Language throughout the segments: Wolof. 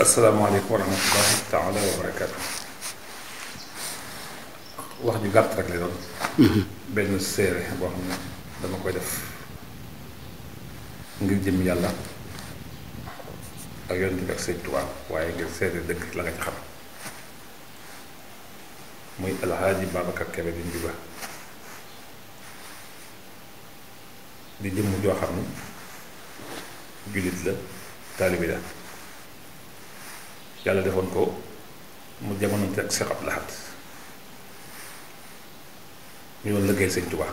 asalaamaaleykum wa rahmatullahi taala wa wax ju gàtt rek la doon. Mhm. benn séeré boo xam ne dama koy def ngir jëm yàlla ak yonent bi ak sëñ Tuubaa waaye ngir séeré dëgg la nga ci xam muy alxaaji Babacar Kebe di Njuga di jëmm joo xam ne jullit la taalibi la yàlla defoon ko mu jamono teg Seex Abdu Lahat ñu doon liggéey Sëñ Tuubaa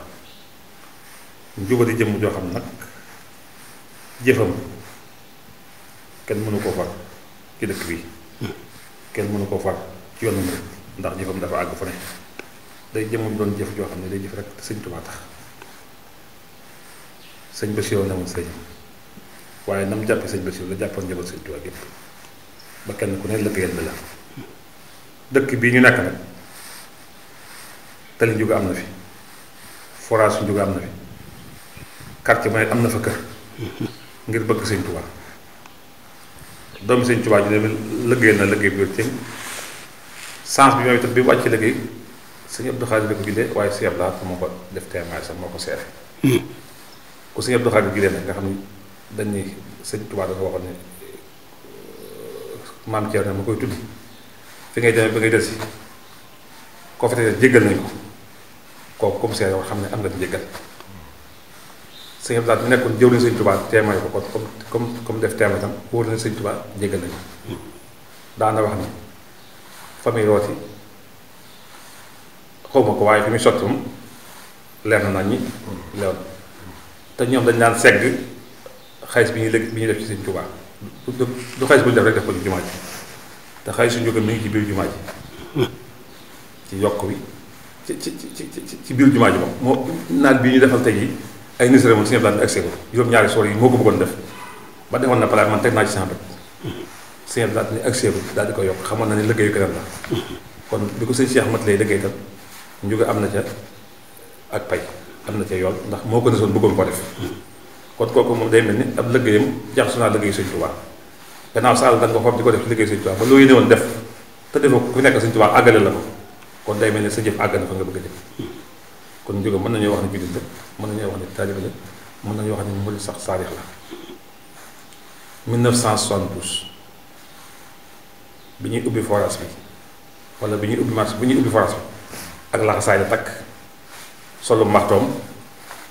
njubati jëmm joo xam nag jëfam kenn mënu koo far ci dëkk bi kenn mënu koo far ci yoonu murid ndax jëfam dafa àgg fu ne day jëmam doon jëf joo xam ne day jëf rek Sëñ Tuubaa tax sëñ Basiru ne woon sëñ waaye nam jàppe sëñ Basiru la jàppoon njabootu Sëñ Tuubaa gépp ba kenn ku ne liggéeyal bi la dëkk bii ñu nekk nag tali njuga am na fi forage su njuga am na fi quartier bu am na fa kër ngir bëgg sëñ Tuubaa doomi sëñ Tuubaa ju ne liggéeyal na liggéey bi wér ci sens bi mooy itam bi mu wàcc liggéey sëñ Abdou Xaadir la ko jullee waaye sëñ Abdou Lahad moo ko def témoin sax hmm. nga xam ne dañuy sëñ Tuubaa dafa waxoon ne maam Thierno ma koy tudd fi ngay demee ba ngay delsi koo fa tey jéggal nañ ko kooku comme seere war xam ne am na nga njéggal sëñ Abdou Lahad nekkoon jëw nañ tubaat Tuubaa teemay ko kon comme comme def teema tam wóor na sëñ Tuubaa jéggal nañ ko daana wax ne famille rooti xawma ko waaye fi muy sotti moom leer na nañ ñi leew te ñoom dañ daan segg xaalis bi ñuy lëg bi ñuy def ci sëñ Tuubaa du xaalis bu ñu def rek def ko ci jumaa ji te xaalis su njóge mi ci biir jumaa ji ci yokk bi ci ci ci ci biir jumaa ji moom moo naal bi ñu defal tey yi ay nisere moom si ñebe daal di accès juróom-ñaari soor yi moo ko bëggoon def ba demoon na palaat man teg naa ci sama bët si ñebe daal di accès daal di ko yokk xamoon na ne liggéeyu keneen la kon bi ko sëñ Cheikh Mat lay liggéey tam njóge am na ca ak pay am na ca yool ndax moo ko desoon bëggoon ko def. kon kooku moom day mel ni ab liggéeyam jaxasoo naa liggéey Sëñ Tuubaa gannaaw saal da nga ko xob di ko def liggéey Sëñ Tuubaa ba loo yéene woon def te defoo ku nekk Sëñ Tuubaa àggale la ko kon day mel ni sa jëf àgg na fa nga bëgg def kon jóge mën nañoo wax ne jullit la mën nañoo wax ne taalibe la mën nañoo wax ne murid sax saadix la 1972 bi ñuy ubbi forage bi wala bi ñuy ubbi marché bi ñuy ubbi forage bi ak laxasaay la takk solu martoom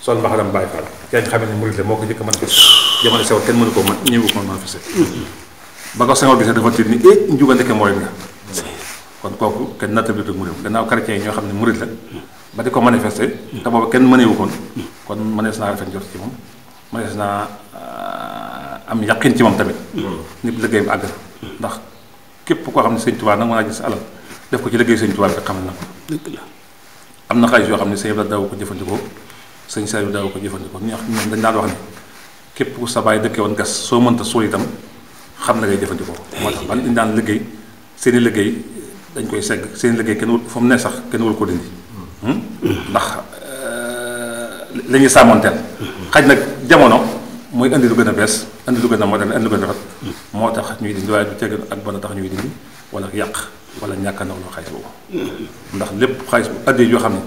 sol mbaxaram Baay Faal kenn xam ne murid la moo ko njëkk a manifesté jamono sew kenn mënu ko man ñëwu ko manifesté ba ko Senghor gisee dafa tiit ni eh njuga ndeke mooy nga kon kooku kenn nattable du murid gannaaw chrétien ñoo xam ne murid la ba di ko manifesté te boobu kenn mënewu koon kon mënees naa rafet njort ci moom mënees naa euh, am yaqin ci moom tamit nit liggéeyam àgg ndax képp ko xam ne sëñ Tuubaa nag mën naa gis alal def ko ci liggéey sëñ Tuubaa bi xam na ko am na xaalis yoo xam ne sëñ bi daw ko jëfandikoo sëñ Saliou daal ko jëfandikoo ñoo xam ñoom dañ daan wax ne képp ku sa baay dëkkee woon gas soo mënta suul itam xam na ngay jëfandikoo moo tax ba liggéey seen i liggéey dañ koy segg seen i liggéey kenn wul fa mu ne sax kenn wul ko dindi hmm? ndax eh, li ñuy sàmmanteel nag jamono indi lu gën a bees indi lu gën a moderne indi lu gën a rafet moo tax ñuy dindi waaye du teg ak bon a tax ñuy dindi wala yàq wala ñàkk a naw loo boobu ndax lépp xaalis bu addee yoo xam ne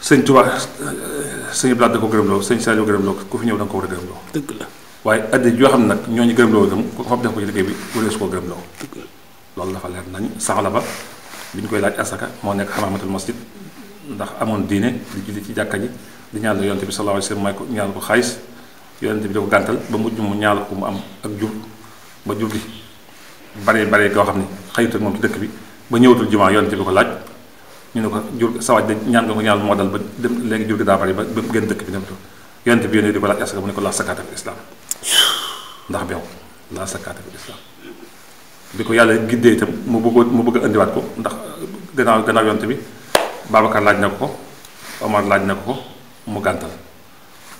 sëñ Tuubaa sëñ Blaat da ko gërëmloo sëñ Saliou gërëmloo ku fi ñëw da ko war a gërëmloo. dëkk la waaye addi yoo xam ne nag ñooñu gërëmloo itam ku ko fab def ko ci ko gërëmloo. dëgg loolu dafa leer nañ saxla ba bi ñu koy laaj asaka moo nekk xamaamatul masjid ndax amoon diine di julli ci jàkka ji di ñaan la yonte bi sallallahu alayhi wasallam may ko ñaan ko xaalis yonte bi da ko gàntal ba mujj mu ñaal ko mu am ak jur ba jur gi bare bare koo xam ne xayitul moom ci dëkk bi ba ñëwatul jumaa yonte bi ko laaj ñu ne ko jur sawaj da ñaan nga ko ñaan moo dal ba dem léegi jur gi daa bari ba ba gën dëkk bi dem yonent bi yónnee di ko laaj asaka mu ne ko laa ndax beew laa sakkaate fi islam bi ko yàlla giddee itam mu bëgg mu bëgg a indiwaat ko ndax gannaaw gannaaw yonent bi Babacar laaj na ko ko Omar laaj na ko ko mu gàntal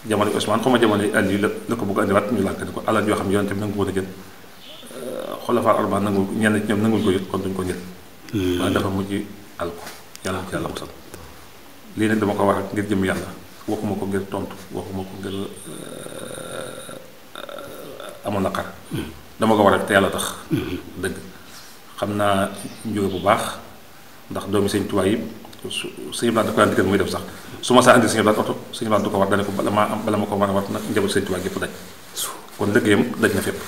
jamono Ousmane xaw ma jamono Ali la la ko bëgg a indiwaat ñu lànk ni ko alal yoo xam ne yonent bi nangu ko woon a jël xulafa euh, arbaa nangu ñenn ci ñoom nangul ko yët kon duñ ko jël hmm. waaye yàlla na ci yàlla musal lii nag dama ko wax ngir jëm yàlla waxuma ko ngir tontu waxuma ko ngir euh, amoon na xar dama ko war a te yàlla tax dëgg xam naa njóge bu baax ndax doomi sëñ tuwaay yi su sëñ Blanc da ko daan digal muy def sax su ma saa andi sëñ Blanc oto sëñ Blanc du ko war dane ko bala maa am bala ma ko war a war nag njaboot sëñ tuwaay yëpp daj kon liggéeyam daj na fépp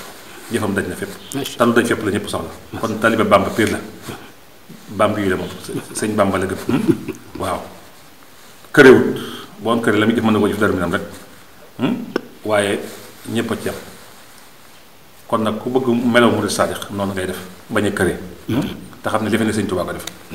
jëfam daj na fépp talu daj fépp la ñëpp soxla kon talibe Bàmba piir la bàmb yi la moom bàmb la gëm waaw këréwut boo am këré la muy def mën na ko jëf dara minam rek hmm? waaye ñëpp a kon nag ku bëgg melaw murid sadiq noonu ngay def bañ a hmm? te xam ne defe ne sëñ Tuubaa ko def